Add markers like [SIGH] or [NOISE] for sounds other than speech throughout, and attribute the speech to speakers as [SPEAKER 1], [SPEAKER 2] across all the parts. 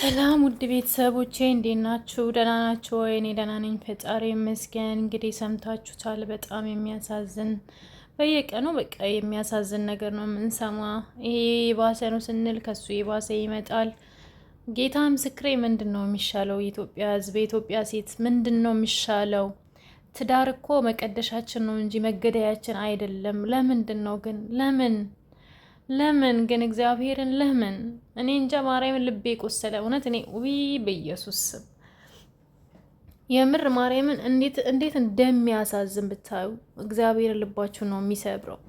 [SPEAKER 1] ሰላም ውድ ቤተሰቦቼ እንዴት ናችሁ? ደህና ናችሁ ወይ? እኔ ደህና ነኝ፣ ፈጣሪ ይመስገን። እንግዲህ ሰምታችሁታል። በጣም የሚያሳዝን በየቀኑ በቃ የሚያሳዝን ነገር ነው የምንሰማ። ይሄ የባሰ ነው ስንል ከሱ የባሰ ይመጣል። ጌታ ምስክሬ። ምንድን ነው የሚሻለው? የኢትዮጵያ ሕዝብ፣ የኢትዮጵያ ሴት ምንድን ነው የሚሻለው? ትዳር እኮ መቀደሻችን ነው እንጂ መገደያችን አይደለም። ለምንድን ነው ግን ለምን ለምን ግን እግዚአብሔርን ለምን እኔ እንጃ ማርያምን ልቤ ቆሰለ። እውነት እኔ ውይ በኢየሱስ ስም የምር ማርያምን እንዴት እንደሚያሳዝን ብታዩ እግዚአብሔርን ልባችሁ ነው የሚሰብረው።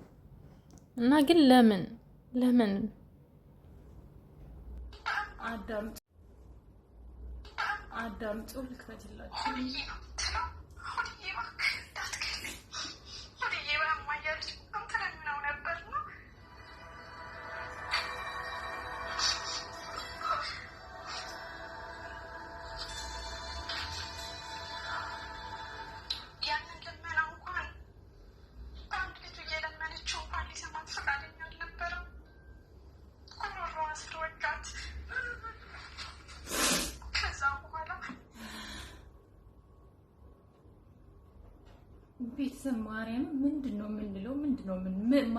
[SPEAKER 1] እና ግን ለምን ለምን አዳምጡ ልክፈትላችሁ ቤተሰብ ማርያም ምንድን ነው የምንለው? ምንድን ነው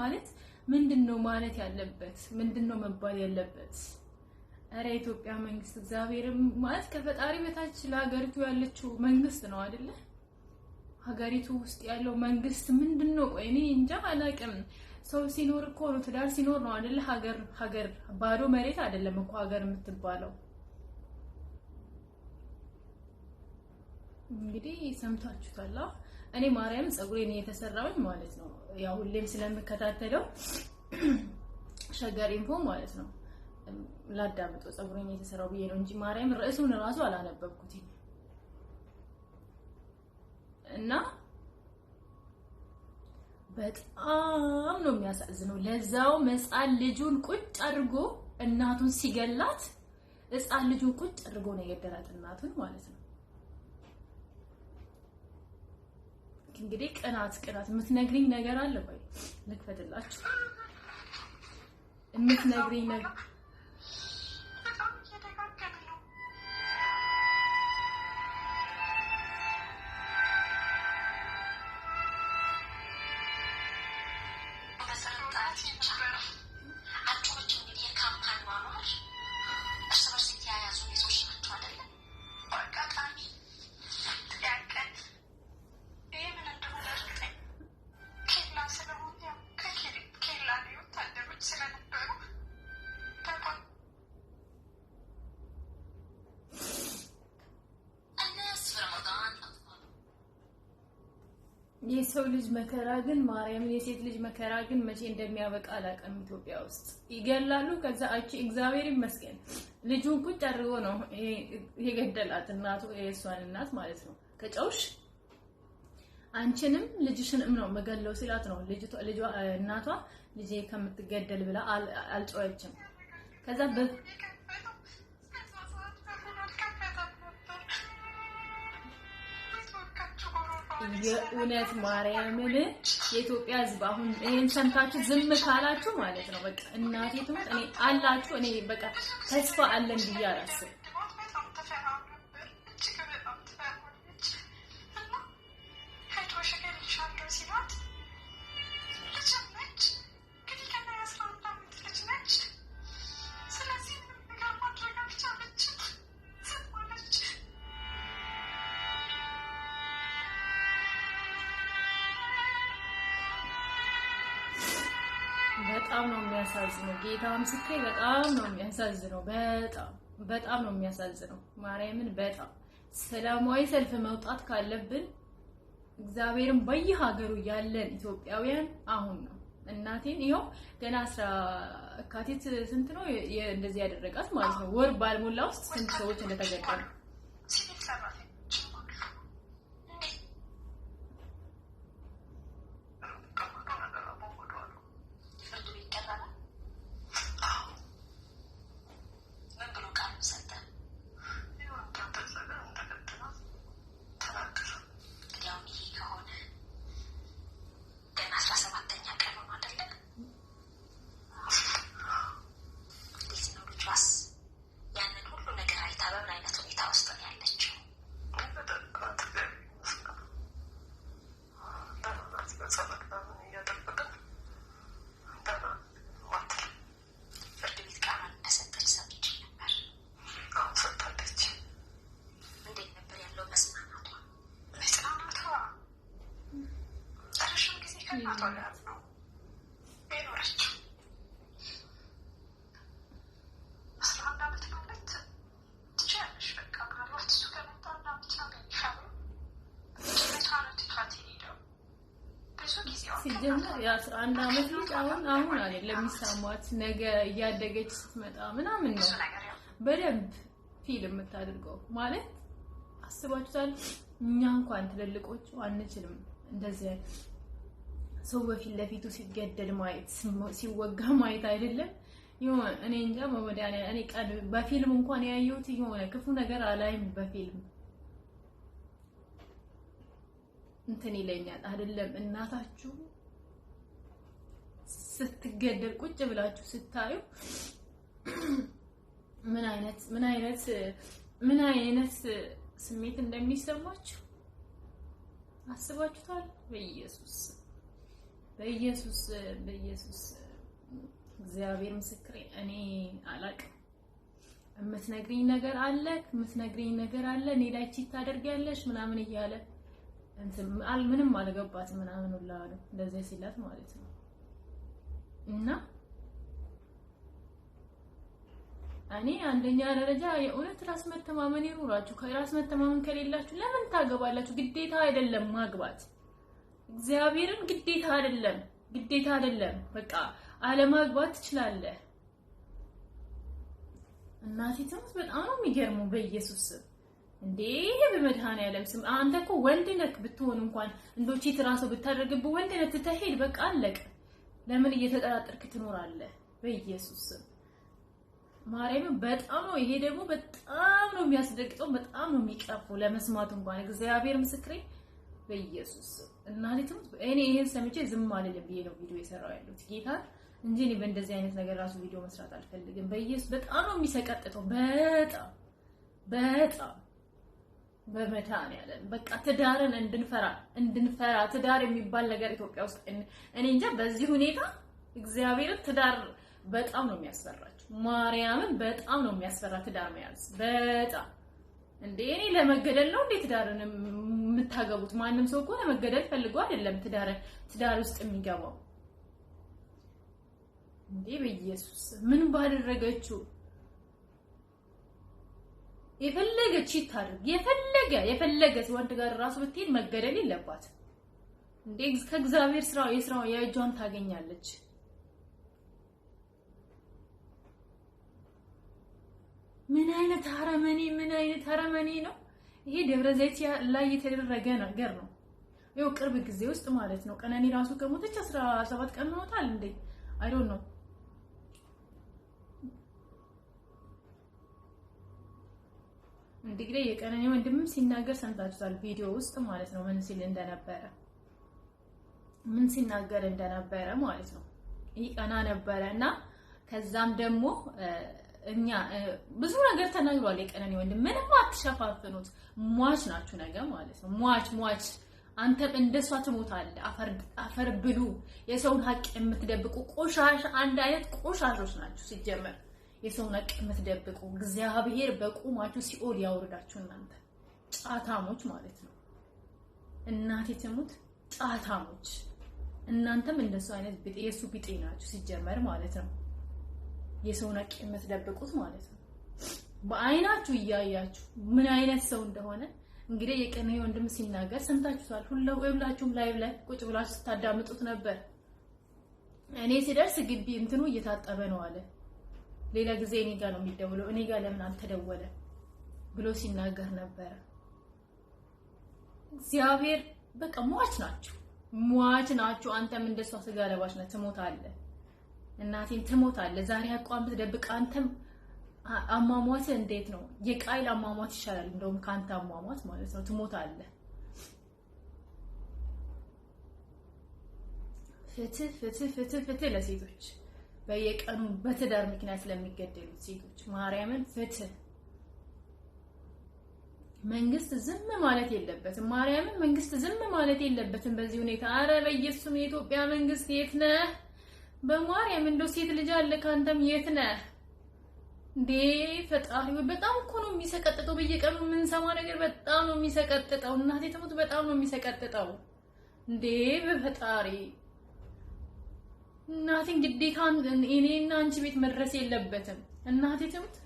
[SPEAKER 1] ማለት ምንድን ነው ማለት ያለበት? ምንድን ነው መባል ያለበት? እረ የኢትዮጵያ መንግስት እግዚአብሔር ማለት ከፈጣሪ በታች ለሀገሪቱ ያለችው መንግስት ነው አይደለ? ሀገሪቱ ውስጥ ያለው መንግስት ምንድን ነው? ቆይ እኔ እንጃ አላውቅም። ሰው ሲኖር እኮ ነው ትዳር ሲኖር ነው አይደለ? ሀገር ሀገር ባዶ መሬት አይደለም እኮ ሀገር የምትባለው። እንግዲህ ሰምታችሁታል። እኔ ማርያምን ነው የተሰራውኝ ማለት ነው ያው ሁሌም ስለምከታተለው [CLEARS THROAT] ሸገር ኢንፎ ማለት ነው ላዳምጦ ነው የተሰራው ብዬ ነው እንጂ ማርያም ርዕሱን እራሱ አላነበብኩትም እና በጣም ነው የሚያሳዝነው። ለዛው መጻል ልጁን ቁጭ አድርጎ እናቱን ሲገላት ህፃን ልጁን ቁጭ አድርጎ ነው የገደላት እናቱን ማለት ነው። እንግዲህ ቅናት ቅናት የምትነግሪኝ ነገር አለ ወይ? ልክፈትላችሁ የምትነግሪኝ ነገር የሰው ልጅ መከራ ግን ማርያምን የሴት ልጅ መከራ ግን መቼ እንደሚያበቃ አላውቅም። ኢትዮጵያ ውስጥ ይገላሉ። ከዛ አቺ እግዚአብሔር ይመስገን ልጁን ቁጭ አድርጎ ነው የገደላት፣ እናቱ የእሷን እናት ማለት ነው። ከጨውሽ አንቺንም ልጅሽንም ነው መገለው ሲላት ነው እናቷ ልጄ ከምትገደል ብላ አልጨወችም። ከዛ የእውነት ማርያምን የኢትዮጵያ ህዝብ አሁን ይሄን ሰምታችሁ ዝም ካላችሁ ማለት ነው በቃ እናቴ ትሞት እኔ አላችሁ እኔ በቃ ተስፋ አለን ብዬ አላስብም። በጣም ነው የሚያሳዝነው። ጌታ ምስክሬ በጣም ነው የሚያሳዝነው። በጣም በጣም ነው የሚያሳዝነው። ማርያምን በጣም ሰላማዊ ሰልፍ መውጣት ካለብን እግዚአብሔርን በየሀገሩ ያለን ኢትዮጵያውያን አሁን ነው። እናቴን ይኸው ገና አስራ ካቲት ስንት ነው እንደዚህ ያደረጋት ማለት ነው። ወር ባልሞላ ውስጥ ስንት ሰዎች እንደተገጠሙ እናቷ ጋር ነው የኖረችው። ሲጀምር የአስራ አንድ አመት ልጅ አሁን አሁን አይደለም የሚሰማት ነገ እያደገች ስትመጣ ምናምን ነው በደንብ ፊል የምታደርገው ማለት አስባችሁታል። እኛ እንኳን ትልልቆቹ አንችልም እንደዚህ ሰው በፊት ለፊቱ ሲገደል ማየት ሲወጋ ማየት አይደለም። ይሁን እኔ እንጃ መወዳኔ እኔ ቀን በፊልም እንኳን ያየሁት የሆነ ክፉ ነገር አላይም። በፊልም እንትን ይለኛል አይደለም። እናታችሁ ስትገደል ቁጭ ብላችሁ ስታዩ ምን አይነት ምን አይነት ምን አይነት ስሜት እንደሚሰማችሁ አስባችሁታል? በኢየሱስ በኢየሱስ በኢየሱስ እግዚአብሔር ምስክሬ እኔ አላቅም። የምትነግሪኝ ነገር አለ የምትነግሪኝ ነገር አለ እኔ ላይ ቺት ታደርጊያለሽ ምናምን እያለ እንትን ምንም አልገባትም ምናምን ሁላ አለ እንደዚህ ሲላት ማለት ነው። እና እኔ አንደኛ ደረጃ የእውነት ራስ መተማመን ይኑራችሁ። ከራስ መተማመን ከሌላችሁ ለምን ታገባላችሁ? ግዴታ አይደለም ማግባት እግዚአብሔርን ግዴታ አይደለም ግዴታ አይደለም። በቃ አለማግባት ትችላለህ። እናቴ ትምህርት በጣም ነው የሚገርመው። በኢየሱስ እንዴ በመድኃኔዓለም ስም አንተ እኮ ወንድ ነክ ብትሆን እንኳን እንዶች ትራሱ ብታደርግብህ ወንድ ነክ ትተሄድ በቃ አለቅ። ለምን እየተጠራጠርክ ትኖራለህ? በኢየሱስ ማርያም በጣም ነው ይሄ ደግሞ በጣም ነው የሚያስደግጠው፣ በጣም ነው የሚቀፈው ለመስማት እንኳን እግዚአብሔር ምስክሬ በኢየሱስ እና ለተም እኔ ይሄን ሰምቼ ዝም አልልም ብዬ ነው ቪዲዮ የሰራው ያለሁት ጌታ እንጂ እኔ በእንደዚህ አይነት ነገር ራሱ ቪዲዮ መስራት አልፈልግም። በኢየሱስ በጣም ነው የሚሰቀጥተው። በጣም በጣም በመታን ያለን በቃ ትዳርን እንድንፈራ እንድንፈራ ትዳር የሚባል ነገር ኢትዮጵያ ውስጥ እኔ እንጃ በዚህ ሁኔታ እግዚአብሔርን ትዳር በጣም ነው የሚያስፈራቸው። ማርያምን በጣም ነው የሚያስፈራ ትዳር መያዝ በጣም እንዴ እኔ ለመገደል ነው እንዴ ትዳርን የምታገቡት? ማንም ሰው እኮ ለመገደል ፈልጎ አይደለም ትዳር ትዳር ውስጥ የሚገባው። እንዴ በኢየሱስ ምን ባደረገችው? የፈለገ ቺት አድርግ የፈለገ የፈለገ ወንድ ጋር ራሱ ብትሄድ መገደል የለባት እንዴ ከእግዚአብሔር ስራ የስራው የእጇን ታገኛለች። ምን አይነት አረመኔ ምን አይነት አረመኔ ነው ይሄ! ደብረ ዘይት ላይ የተደረገ ነገር ነው። ይኸው ቅርብ ጊዜ ውስጥ ማለት ነው። ቀነኒ ራሱ ከሞተች 17 ቀን ሆኖታል እንዴ? አይ ዶንት ኖ እንግዲህ የቀነኒ ወንድምም ሲናገር ሰምታችኋል፣ ቪዲዮ ውስጥ ማለት ነው። ምን ሲል እንደነበረ ምን ሲናገር እንደነበረ ማለት ነው። ይቀና ነበረ እና ከዛም ደግሞ እኛ ብዙ ነገር ተናግሯል። የቀነኒ ወንድም ምንም አትሸፋፍኑት፣ ሟች ናችሁ ነገ ማለት ነው። ሟች ሟች፣ አንተም እንደሷ ትሞታለህ። አፈር ብሉ። የሰውን ሀቅ የምትደብቁ ቆሻሽ፣ አንድ አይነት ቆሻሾች ናችሁ። ሲጀመር የሰውን ሀቅ የምትደብቁ እግዚአብሔር በቁማችሁ ሲኦል ያወርዳችሁ። እናንተ ጫታሞች ማለት ነው። እናቴ ትሙት ጫታሞች። እናንተም እንደሱ አይነት የእሱ ቢጤ ናችሁ ሲጀመር ማለት ነው። የሰውን ሀቅ የምትደብቁት ማለት ነው። በአይናችሁ እያያችሁ ምን አይነት ሰው እንደሆነ እንግዲህ የቀን ወንድም ሲናገር ሰምታችሁታል። ሁላችሁም ላይቭ ላይ ቁጭ ብላችሁ ስታዳምጡት ነበር። እኔ ሲደርስ ግቢ እንትኑ እየታጠበ ነው አለ። ሌላ ጊዜ እኔ ጋር ነው የሚደውለው፣ እኔ ጋር ለምን አልተደወለ ብሎ ሲናገር ነበረ። እግዚአብሔር በቃ ሟች ናቸው፣ ሟች ናቸው። አንተም እንደሷ ስጋ ለባሽ ነህ፣ ትሞታለህ። እናቴን ትሞታለህ ዛሬ አቋም ብትደብቅ አንተም አሟሟት እንዴት ነው? የቃይል አሟሟት ይሻላል እንደውም ከአንተ አሟሟት ማለት ነው። ትሞታለህ። ፍትህ ፍትህ ፍትህ ፍትህ ለሴቶች በየቀኑ በትዳር ምክንያት ለሚገደሉት ሴቶች ማርያምን ፍትህ። መንግስት ዝም ማለት የለበትም። ማርያምን መንግስት ዝም ማለት የለበትም በዚህ ሁኔታ። አረ በኢየሱስም የኢትዮጵያ መንግስት የት ነህ? በማርያም እንደው ሴት ልጅ አለ ካንተም የት ነህ እንዴ? ፈጣሪ በጣም እኮ ነው የሚሰቀጥጠው። በየቀኑ ሰማ ነገር በጣም ነው የሚሰቀጥጠው። እናቴ ትሙት በጣም ነው የሚሰቀጥጠው። እንዴ በፈጣሪ እናቴን ግዴታ እና አንቺ ቤት መድረስ የለበትም። እናቴ ትሙት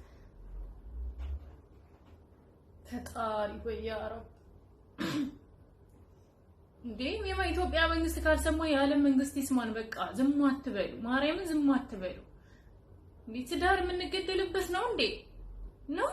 [SPEAKER 1] ፈጣሪ ወይ ያ ረብ እንዴ የኢትዮጵያ መንግስት ካልሰማ የዓለም መንግስት ይስማን። በቃ ዝም አትበሉ፣ ማርያምን ዝም አትበሉ። ትዳር የምንገደልበት ነው እንዴ ነው